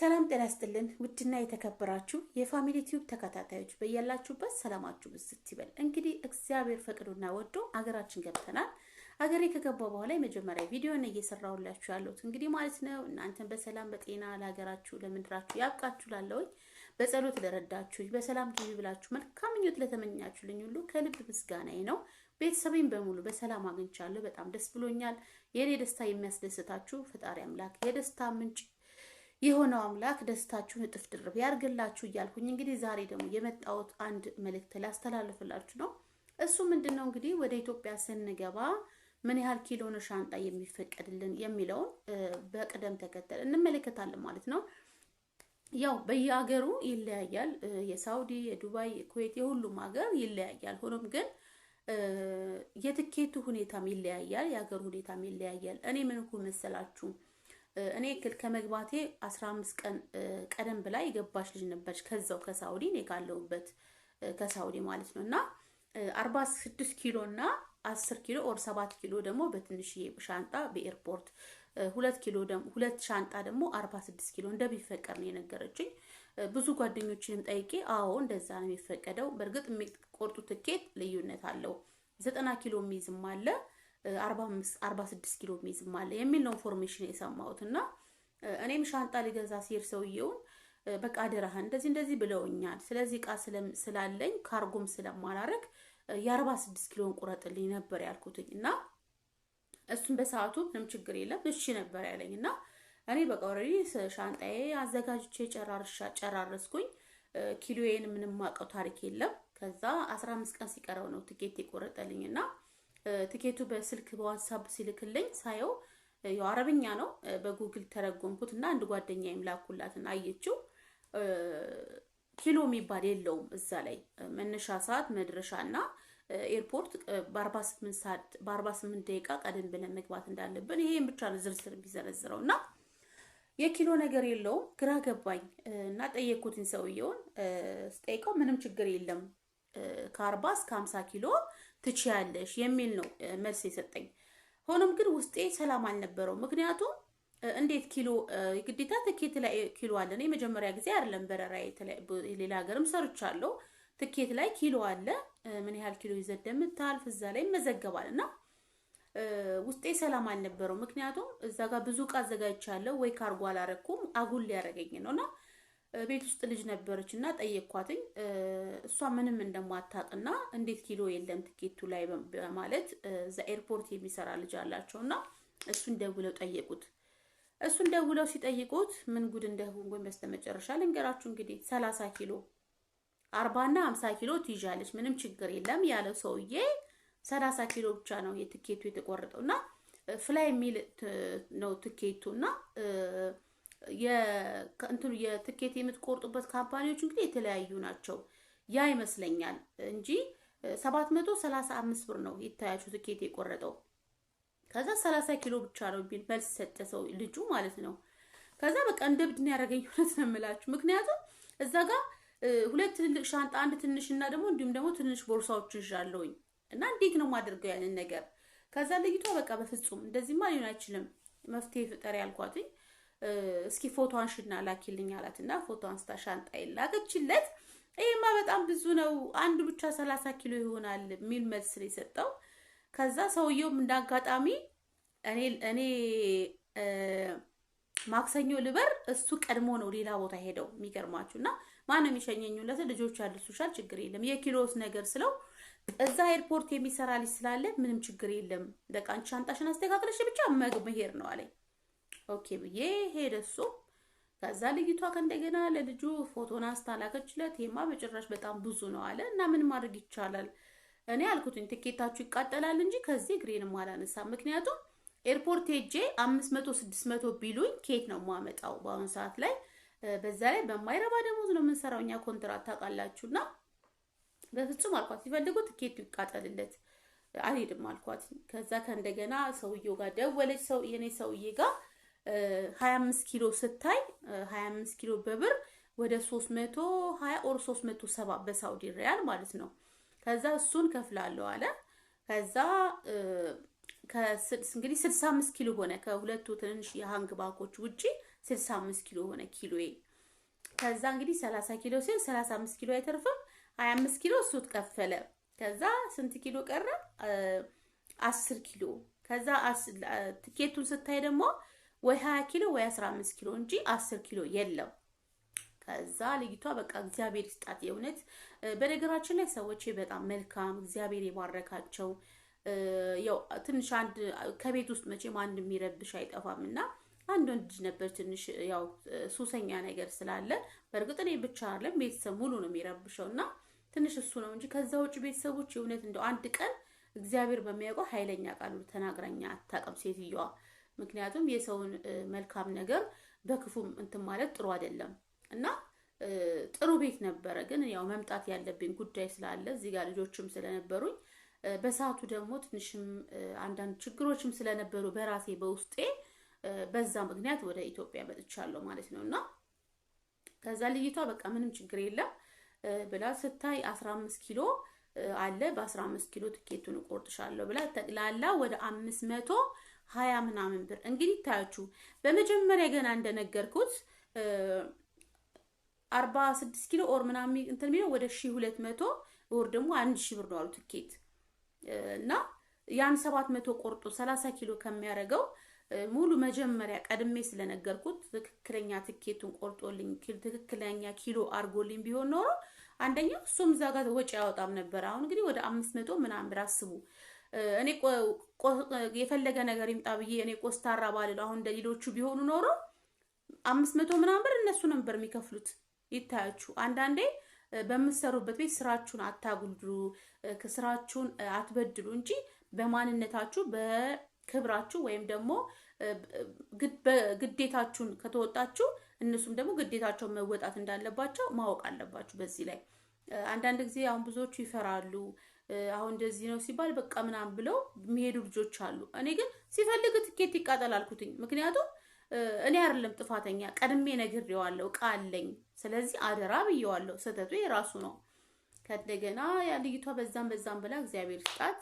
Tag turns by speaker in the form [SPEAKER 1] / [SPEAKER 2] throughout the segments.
[SPEAKER 1] ሰላም ጤና ስጥልን ውድና የተከበራችሁ የፋሚሊ ቲዩብ ተከታታዮች በያላችሁበት ሰላማችሁ ብስት ይበል። እንግዲህ እግዚአብሔር ፈቅዶና ወዶ አገራችን ገብተናል። አገሬ ከገባ በኋላ የመጀመሪያ ቪዲዮ ነው እየሰራሁላችሁ ያለሁት እንግዲህ ማለት ነው። እናንተን በሰላም በጤና ለሀገራችሁ ለምድራችሁ ያብቃችሁ ላለሁኝ በጸሎት ለረዳችሁኝ በሰላም ግቢ ብላችሁ መልካም ምኞት ለተመኛችሁልኝ ሁሉ ከልብ ምስጋናዬ ነው። ቤተሰቤን በሙሉ በሰላም አግኝቻለሁ። በጣም ደስ ብሎኛል። የእኔ ደስታ የሚያስደስታችሁ ፈጣሪ አምላክ የደስታ ምንጭ የሆነው አምላክ ደስታችሁን እጥፍ ድርብ ያርግላችሁ እያልኩኝ እንግዲህ ዛሬ ደግሞ የመጣሁት አንድ መልእክት ላስተላልፍላችሁ ነው። እሱ ምንድን ነው እንግዲህ ወደ ኢትዮጵያ ስንገባ ምን ያህል ኪሎ ነው ሻንጣ የሚፈቀድልን የሚለውን በቅደም ተከተል እንመለከታለን ማለት ነው። ያው በየሀገሩ ይለያያል። የሳውዲ፣ የዱባይ፣ የኩዌት የሁሉም ሀገር ይለያያል። ሆኖም ግን የትኬቱ ሁኔታም ይለያያል፣ የሀገሩ ሁኔታም ይለያያል። እኔ ምንኩ መሰላችሁ እኔ እክል ከመግባቴ 15 ቀን ቀደም ብላ የገባች ልጅ ነበረች። ከዛው ከሳውዲ እኔ ካለሁበት ከሳውዲ ማለት ነው እና 46 ኪሎ እና 10 ኪሎ ኦር 7 ኪሎ ደግሞ በትንሽዬ ሻንጣ በኤርፖርት ሁለት ኪሎ ሁለት ሻንጣ ደግሞ 46 ኪሎ እንደሚፈቀድ ነው የነገረችኝ። ብዙ ጓደኞችንም ጠይቄ አዎ እንደዛ ነው የሚፈቀደው። በእርግጥ የሚቆርጡ ትኬት ልዩነት አለው። 90 ኪሎ የሚይዝም አለ አርባ ስድስት ኪሎ የሚይዝም አለ የሚል ነው ኢንፎርሜሽን የሰማሁት እና እኔም ሻንጣ ሊገዛ ሲሄድ ሰውየውን በቃ አደራህን እንደዚህ እንደዚህ ብለውኛል። ስለዚህ እቃ ስላለኝ ካርጎም ስለማላረግ የአርባ ስድስት ኪሎን ቁረጥልኝ ነበር ያልኩትኝ እና እሱም በሰዓቱ ምንም ችግር የለም እሺ ነበር ያለኝ እና እኔ በቃ ኦልሬዲ ሻንጣዬ አዘጋጅቼ ጨራርሻ ጨራረስኩኝ። ኪሎዬን ምንም ማውቀው ታሪክ የለም። ከዛ አስራ አምስት ቀን ሲቀረው ነው ትኬት የቆረጠልኝ እና ትኬቱ በስልክ በዋትሳፕ ሲልክልኝ ሳየው ያው አረብኛ ነው። በጉግል ተረጎምኩት እና አንድ ጓደኛ ላኩላትን አየችው። ኪሎ የሚባል የለውም እዛ ላይ መነሻ ሰዓት መድረሻ እና ኤርፖርት በ ስምንት ደቂቃ ቀደም ብለን መግባት እንዳለብን ይሄን ብቻ ነው ዝርዝር የሚዘረዝረው እና የኪሎ ነገር የለውም። ግራ ገባኝ እና ጠየኩትን ሰውየውን ስጠይቀው ምንም ችግር የለም ከአርባ እስከ ሀምሳ ኪሎ ትችያለሽ የሚል ነው መልስ የሰጠኝ። ሆኖም ግን ውስጤ ሰላም አልነበረው። ምክንያቱም እንዴት ኪሎ ግዴታ ትኬት ላይ ኪሎ አለ። ነው የመጀመሪያ ጊዜ አይደለም በረራ፣ ሌላ ሀገርም ሰርቻለሁ። ትኬት ላይ ኪሎ አለ። ምን ያህል ኪሎ ይዘህ እንደምታልፍ እዛ ላይ ይመዘገባል እና ውስጤ ሰላም አልነበረው። ምክንያቱም እዛ ጋር ብዙ እቃ አዘጋጅቻለሁ ወይ ካርጎ አላረኩም አጉል ሊያደርገኝ ነው እና ቤት ውስጥ ልጅ ነበረች እና ጠየቅኳትኝ። እሷ ምንም እንደማታውቅና እንዴት ኪሎ የለም ትኬቱ ላይ በማለት እዛ ኤርፖርት የሚሰራ ልጅ አላቸው እና እሱን ደውለው ጠየቁት። እሱን ደውለው ሲጠይቁት ምን ጉድ እንደሆንኩኝ በስተመጨረሻ ልንገራችሁ። እንግዲህ ሰላሳ ኪሎ አርባና አምሳ ኪሎ ትይዣለች ምንም ችግር የለም ያለው ሰውዬ ሰላሳ ኪሎ ብቻ ነው የትኬቱ የተቆረጠው እና ፍላይ የሚል ነው ትኬቱ እና እንትኑ የትኬት የምትቆርጡበት ካምፓኒዎች እንግዲህ የተለያዩ ናቸው። ያ ይመስለኛል እንጂ 735 ብር ነው ይታያችሁ ትኬት የቆረጠው። ከዛ 30 ኪሎ ብቻ ነው ቢል መልስ ሰጠ ሰው ልጁ ማለት ነው። ከዛ በቃ እንደ ብድን ያደረገኝ ነው የምላችሁ። ምክንያቱም እዛ ጋር ሁለት ትልልቅ ሻንጣ፣ አንድ ትንሽ እና ደግሞ እንዲሁም ደግሞ ትንሽ ቦርሳዎች ይዣለሁኝ እና እንዴት ነው ማደርገው ያንን ነገር ከዛ ልይቷ በቃ በፍጹም እንደዚህማ ሊሆን አይችልም መፍትሄ ፍጠር ያልኳትኝ እስኪ ፎቶ ሽና ላኪልኝ አላት እና ፎቶ አንስታ ሻንጣ የላከችለት። ይሄማ በጣም ብዙ ነው፣ አንድ ብቻ ሰላሳ ኪሎ ይሆናል የሚል መልስ ነው የሰጠው። ከዛ ሰውየውም እንዳጋጣሚ እኔ ማክሰኞ ልበር እሱ ቀድሞ ነው ሌላ ቦታ ሄደው የሚገርማችሁ እና ማነው የሚሸኘኝ ሁለት ልጆች ያድርሱሻል ችግር የለም የኪሎስ ነገር ስለው እዛ ኤርፖርት የሚሰራ ልጅ ስላለ ምንም ችግር የለም በቃ አንቺ ሻንጣሽን አስተካክለሽ ብቻ መግ መሄድ ነው አለኝ ኦኬ ብዬ ሄደ እሱ። ከዛ ልጅቷ ከእንደገና ለልጁ ፎቶን አስታላከችለት። ይሄማ በጭራሽ በጣም ብዙ ነው አለ እና ምን ማድረግ ይቻላል? እኔ አልኩትኝ ትኬታችሁ ይቃጠላል እንጂ ከዚህ እግሬንም አላነሳም። ምክንያቱም ኤርፖርት ሄጄ አምስት መቶ ስድስት መቶ ቢሉኝ ኬት ነው የማመጣው በአሁኑ ሰዓት ላይ። በዛ ላይ በማይረባ ደሞዝ ነው የምንሰራው እኛ ኮንትራት ታውቃላችሁና፣ በፍጹም አልኳት። ሲፈልጉ ትኬቱ ይቃጠልለት አልሄድም አልኳት። ከዛ ከእንደገና ሰውየው ጋር ደወለች፣ ሰው የኔ ሰውዬ ጋር 25 ኪሎ ስታይ 25 ኪሎ በብር ወደ 320 ኦር 370 በሳውዲ ሪያል ማለት ነው። ከዛ እሱን ከፍላለሁ አለ። ከዛ እንግዲህ 65 ኪሎ ሆነ ከሁለቱ ትንንሽ የሃንግ ባንኮች ውጪ 65 ኪሎ ሆነ ኪሎዬ። ከዛ እንግዲህ 30 ኪሎ ሲል 35 ኪሎ አይተርፍም። 25 ኪሎ እሱ ተከፈለ። ከዛ ስንት ኪሎ ቀረ? 10 ኪሎ። ከዛ ትኬቱን ስታይ ደግሞ ወይ 20 ኪሎ ወይ 15 ኪሎ እንጂ 10 ኪሎ የለም። ከዛ ልጅቷ በቃ እግዚአብሔር ይስጣት የእውነት። በነገራችን ላይ ሰዎች በጣም መልካም እግዚአብሔር የባረካቸው ያው ትንሽ አንድ ከቤት ውስጥ መቼም አንድ የሚረብሽ አይጠፋም እና አንድ ወንድ ነበር ትንሽ ያው ሱሰኛ ነገር ስላለ በእርግጥ እኔ ብቻ አለም ቤተሰብ ሙሉ ነው የሚረብሸው እና ትንሽ እሱ ነው እንጂ ከዛ ውጭ ቤተሰቦች የእውነት እንደው አንድ ቀን እግዚአብሔር በሚያውቀው ኃይለኛ ቃሉ ተናግራኛ አታውቅም ሴትዮዋ። ምክንያቱም የሰውን መልካም ነገር በክፉም እንትን ማለት ጥሩ አይደለም እና ጥሩ ቤት ነበረ። ግን ያው መምጣት ያለብኝ ጉዳይ ስላለ እዚህ ጋር ልጆችም ስለነበሩኝ በሰዓቱ ደግሞ ትንሽም አንዳንድ ችግሮችም ስለነበሩ በራሴ በውስጤ በዛ ምክንያት ወደ ኢትዮጵያ መጥቻለሁ ማለት ነው እና ከዛ ልይቷ በቃ ምንም ችግር የለም ብላ ስታይ 15 ኪሎ አለ በአስራ 15 ኪሎ ትኬቱን እቆርጥሻለሁ ብላ ጠቅላላ ወደ አምስት መቶ ሀያ ምናምን ብር እንግዲህ ታያችሁ። በመጀመሪያ ገና እንደነገርኩት አርባ ስድስት ኪሎ ኦር ምናምን እንትን የሚለው ወደ ሺ ሁለት መቶ ኦር ደግሞ አንድ ሺ ብር ነው አሉ ትኬት እና ያን ሰባት መቶ ቆርጦ ሰላሳ ኪሎ ከሚያደርገው ሙሉ መጀመሪያ ቀድሜ ስለነገርኩት ትክክለኛ ትኬቱን ቆርጦልኝ ትክክለኛ ኪሎ አድርጎልኝ ቢሆን ኖሮ አንደኛው እሱም እዛ ጋር ወጪ አያወጣም ነበር። አሁን እንግዲህ ወደ አምስት መቶ ምናምን ብር አስቡ። እኔ የፈለገ ነገር ይምጣ ብዬ እኔ ቆስታራ ባልል አሁን እንደ ሌሎቹ ቢሆኑ ኖሮ አምስት መቶ ምናምን ብር እነሱ ነበር የሚከፍሉት። ይታያችሁ አንዳንዴ በምትሰሩበት ቤት ስራችሁን አታጉልዱ፣ ስራችሁን አትበድሉ እንጂ በማንነታችሁ በክብራችሁ ወይም ደግሞ ግዴታችሁን ከተወጣችሁ እነሱም ደግሞ ግዴታቸውን መወጣት እንዳለባቸው ማወቅ አለባችሁ። በዚህ ላይ አንዳንድ ጊዜ አሁን ብዙዎቹ ይፈራሉ። አሁን እንደዚህ ነው ሲባል በቃ ምናምን ብለው የሚሄዱ ልጆች አሉ። እኔ ግን ሲፈልግ ትኬት ይቃጠል አልኩትኝ። ምክንያቱም እኔ አይደለም ጥፋተኛ፣ ቀድሜ ነግሬዋለሁ፣ እቃ አለኝ። ስለዚህ አደራ ብየዋለሁ። ስህተቱ የራሱ ነው። ከእንደገና ያ ልጅቷ በዛም በዛም ብላ እግዚአብሔር ስጣት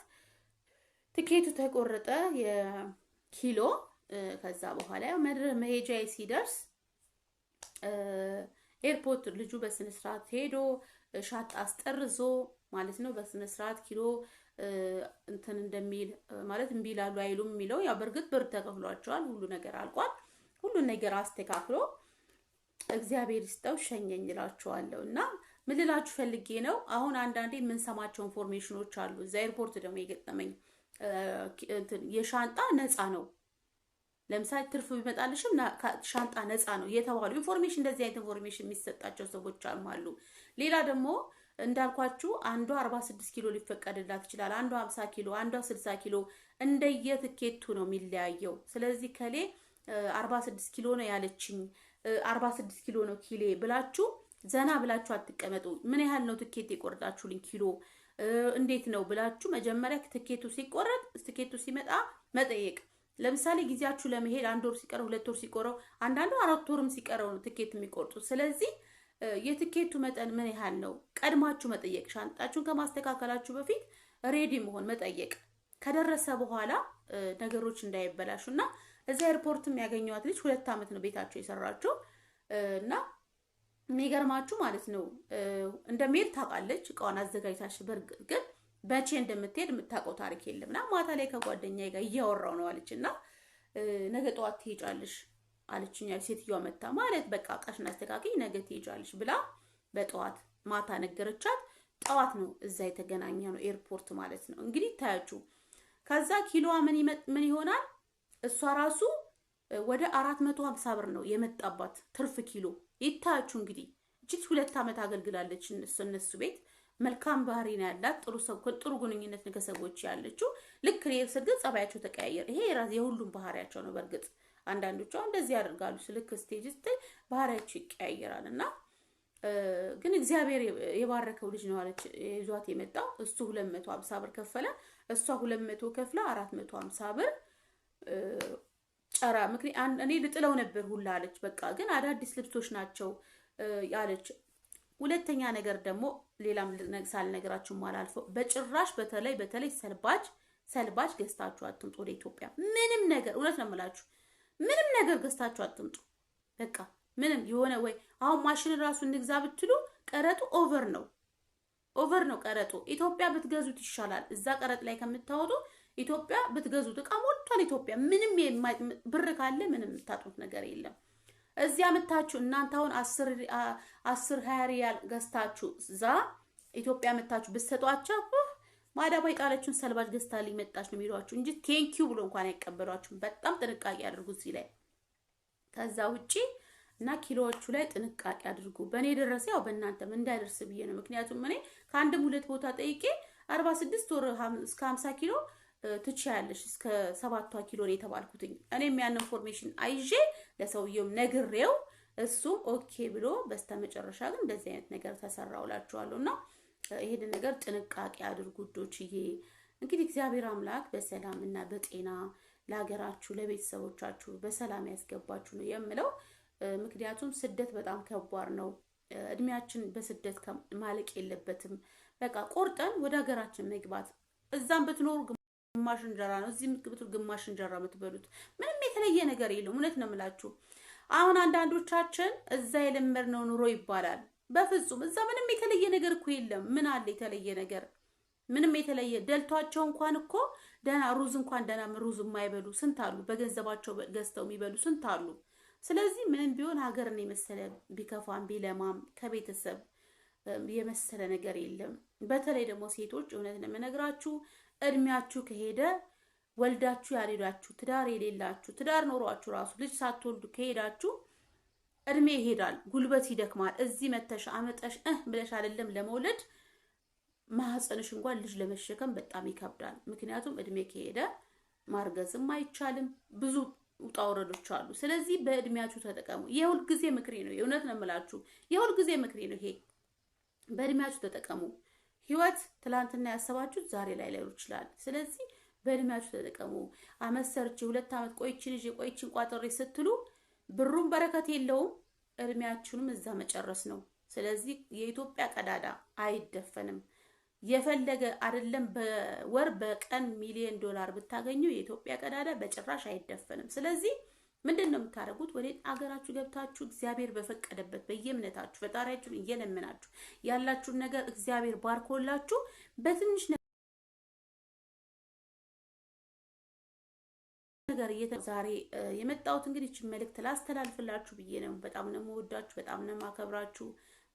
[SPEAKER 1] ትኬቱ ተቆረጠ የኪሎ። ከዛ በኋላ መድረህ መሄጃ ሲደርስ ኤርፖርት ልጁ በስነስርዓት ሄዶ ሻጣ አስጠርዞ ማለት ነው። በስነ ስርዓት ኪሎ እንትን እንደሚል ማለት እምቢ ይላሉ አይሉም የሚለው ያው በእርግጥ ብር ተከፍሏቸዋል። ሁሉ ነገር አልቋል። ሁሉን ነገር አስተካክሎ እግዚአብሔር ይስጠው ሸኘኝ እላችኋለሁ። እና ምን ፈልጌ ነው፣ አሁን አንዳንዴ የምንሰማቸው ኢንፎርሜሽኖች አሉ። እዛ ኤርፖርት ደግሞ የገጠመኝ የሻንጣ ነፃ ነው ለምሳሌ ትርፍ ቢመጣልሽም ሻንጣ ነፃ ነው የተባሉ ኢንፎርሜሽን፣ እንደዚህ አይነት ኢንፎርሜሽን የሚሰጣቸው ሰዎች አሉ። ሌላ ደግሞ እንዳልኳችሁ አንዷ 46 ኪሎ ሊፈቀድላት ይችላል። አንዷ 50 ኪሎ፣ አንዷ 60 ኪሎ እንደየ ትኬቱ ነው የሚለያየው። ስለዚህ ከሌ 46 ኪሎ ነው ያለችኝ 46 ኪሎ ነው ኪሌ ብላችሁ ዘና ብላችሁ አትቀመጡ። ምን ያህል ነው ትኬት የቆረጣችሁልኝ ኪሎ እንዴት ነው ብላችሁ መጀመሪያ ትኬቱ ሲቆረጥ ትኬቱ ሲመጣ መጠየቅ። ለምሳሌ ጊዜያችሁ ለመሄድ አንድ ወር ሲቀረው፣ ሁለት ወር ሲቆረው፣ አንዳንዱ አራት ወርም ሲቀረው ነው ትኬት የሚቆርጡት። ስለዚህ የትኬቱ መጠን ምን ያህል ነው? ቀድማችሁ መጠየቅ፣ ሻንጣችሁን ከማስተካከላችሁ በፊት ሬዲ መሆን መጠየቅ፣ ከደረሰ በኋላ ነገሮች እንዳይበላሹ እና እዛ ኤርፖርትም ያገኘዋት ልጅ ሁለት ዓመት ነው ቤታቸው የሰራቸው እና የሚገርማችሁ ማለት ነው እንደሚሄድ ታውቃለች፣ እቃዋን አዘጋጅታች። በእርግጥ ግን መቼ እንደምትሄድ የምታውቀው ታሪክ የለም እና ማታ ላይ ከጓደኛ ጋር እያወራው ነው አለች እና ነገ ጠዋት አለችኛል ሴትዮዋ መታ ማለት በቃ እቃሽን አስተካክይ ነገ ትሄጃለሽ ብላ በጠዋት ማታ ነገረቻት። ጠዋት ነው እዛ የተገናኘ ነው ኤርፖርት ማለት ነው። እንግዲህ ታያችሁ። ከዛ ኪሎዋ ምን ይሆናል? እሷ ራሱ ወደ አራት መቶ ሀምሳ ብር ነው የመጣባት ትርፍ ኪሎ። ይታያችሁ እንግዲህ እጅግ ሁለት ዓመት አገልግላለች እነሱ ቤት። መልካም ባህሪ ነው ያላት። ጥሩ ሰው ጥሩ ግንኙነት ከሰዎች ያለችው ልክ እኔ ስርግጥ ጸባያቸው ተቀያየር። ይሄ የሁሉም ባህሪያቸው ነው በእርግጥ አንዳንዶቹ እንደዚህ ያደርጋሉ። ስልክ ስቴጅ ስትል ባህሪያቸው ይቀያየራል እና ግን እግዚአብሔር የባረከው ልጅ ነው አለች ይዟት የመጣው እሱ ሁለት መቶ ሀምሳ ብር ከፈለ። እሷ ሁለት መቶ ከፍለ አራት መቶ ሀምሳ ብር ጨራ ምክንያት እኔ ልጥለው ነበር ሁላ አለች። በቃ ግን አዳዲስ ልብሶች ናቸው ያለች። ሁለተኛ ነገር ደግሞ ሌላም ሳልነግራችሁ አላልፈው። በጭራሽ በተለይ በተለይ ሰልባጅ ሰልባጅ ገዝታችሁ አትምጡ ወደ ኢትዮጵያ ምንም ነገር። እውነት ነው የምላችሁ ምንም ነገር ገዝታችሁ አትምጡ። በቃ ምንም የሆነ ወይ አሁን ማሽን ራሱ እንግዛ ብትሉ ቀረጡ ኦቨር ነው፣ ኦቨር ነው ቀረጡ። ኢትዮጵያ ብትገዙት ይሻላል። እዛ ቀረጥ ላይ ከምታወጡ ኢትዮጵያ ብትገዙት እቃ ሞልቷል። ኢትዮጵያ ምንም ብር ካለ ምንም የምታጡት ነገር የለም። እዚህ አመታችሁ እናንተ አሁን አስር ሀያ ሪያል ገዝታችሁ እዛ ኢትዮጵያ መታችሁ ብትሰጧቸው ማዳባ የጣለችውን ሰልባጅ ገዝታ ሊመጣች ነው የሚሏችሁ እንጂ ቴንኪዩ ብሎ እንኳን አይቀበሏችሁም። በጣም ጥንቃቄ አድርጉ እዚህ ላይ ከዛ ውጪ እና ኪሎዎቹ ላይ ጥንቃቄ አድርጉ። በእኔ የደረሰ ያው በእናንተም እንዳይደርስ ብዬ ነው። ምክንያቱም እኔ ከአንድም ሁለት ቦታ ጠይቄ አርባ ስድስት ወር እስከ ሀምሳ ኪሎ ትችያለሽ እስከ ሰባቷ ኪሎ ነው የተባልኩትኝ። እኔም ያን ኢንፎርሜሽን አይዤ ለሰውየውም ነግሬው እሱም ኦኬ ብሎ በስተመጨረሻ ግን እንደዚህ አይነት ነገር ተሰራውላችኋለሁ እና ይሄን ነገር ጥንቃቄ አድርጉ ውዶችዬ። እንግዲህ እግዚአብሔር አምላክ በሰላም እና በጤና ለሀገራችሁ ለቤተሰቦቻችሁ በሰላም ያስገባችሁ ነው የምለው። ምክንያቱም ስደት በጣም ከባድ ነው። እድሜያችን በስደት ማለቅ የለበትም። በቃ ቆርጠን ወደ ሀገራችን መግባት እዛም ብትኖሩ ግማሽ እንጀራ ነው፣ እዚህ የምትብቱ ግማሽ እንጀራ የምትበሉት ምንም የተለየ ነገር የለም። እውነት ነው የምላችሁ። አሁን አንዳንዶቻችን እዛ የለመድነው ኑሮ ይባላል በፍጹም እዛ ምንም የተለየ ነገር እኮ የለም። ምን አለ የተለየ ነገር? ምንም የተለየ ደልቷቸው እንኳን እኮ ደህና ሩዝ እንኳን ደህና ሩዝ የማይበሉ ስንት አሉ። በገንዘባቸው ገዝተው የሚበሉ ስንት አሉ። ስለዚህ ምንም ቢሆን ሀገርን የመሰለ ቢከፋም ቢለማም ከቤተሰብ የመሰለ ነገር የለም። በተለይ ደግሞ ሴቶች እውነት ነው የምነግራችሁ፣ እድሜያችሁ ከሄደ ወልዳችሁ ያልሄዳችሁ ትዳር የሌላችሁ ትዳር ኖሯችሁ ራሱ ልጅ ሳትወልዱ ከሄዳችሁ እድሜ ይሄዳል፣ ጉልበት ይደክማል። እዚህ መተሽ አመጠሽ እህ ብለሽ አይደለም ለመውለድ ማህፀንሽ እንኳን ልጅ ለመሸከም በጣም ይከብዳል። ምክንያቱም እድሜ ከሄደ ማርገዝም አይቻልም። ብዙ ውጣ ውረዶች አሉ። ስለዚህ በእድሜያችሁ ተጠቀሙ። የሁልጊዜ ምክሬ ነው። የእውነት ነው የምላችሁ፣ የሁልጊዜ ምክሬ ነው ይሄ። በእድሜያችሁ ተጠቀሙ። ህይወት ትላንትና ያሰባችሁት ዛሬ ላይ ላይሉ ይችላል። ስለዚህ በእድሜያችሁ ተጠቀሙ። አመሰርች ሁለት አመት ቆይችን ይዤ ቆይችን ቋጥሬ ስትሉ ብሩም በረከት የለውም። እድሜያችሁንም እዛ መጨረስ ነው። ስለዚህ የኢትዮጵያ ቀዳዳ አይደፈንም። የፈለገ አይደለም በወር በቀን ሚሊዮን ዶላር ብታገኙ የኢትዮጵያ ቀዳዳ በጭራሽ አይደፈንም። ስለዚህ ምንድን ነው የምታደርጉት? ወደ አገራችሁ ገብታችሁ እግዚአብሔር በፈቀደበት በየእምነታችሁ ፈጣሪያችሁን እየለመናችሁ ያላችሁን ነገር እግዚአብሔር ባርኮላችሁ በትንሽ ዛሬ የመጣሁት እንግዲህ ይችን መልእክት ላስተላልፍላችሁ ብዬ ነው። በጣም ነው የምወዳችሁ፣ በጣም ነው የማከብራችሁ።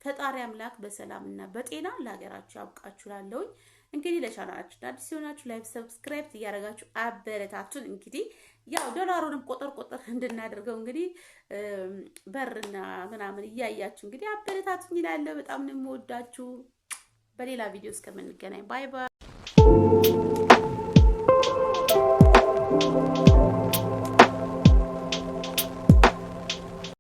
[SPEAKER 1] ፈጣሪ አምላክ በሰላም እና በጤና ለሀገራችሁ ያብቃችሁ። ላለውኝ እንግዲህ ለቻናላችሁ አዲስ ሲሆናችሁ ላይክ፣ ሰብስክራይብ እያደረጋችሁ አበረታቱን። እንግዲህ ያው ዶላሩንም ቆጠር ቆጠር እንድናደርገው እንግዲህ በርና ምናምን እያያችሁ እንግዲህ አበረታቱኝ ይላለሁ። በጣም ነው የምወዳችሁ። በሌላ ቪዲዮ እስከምንገናኝ ባይ ባይ።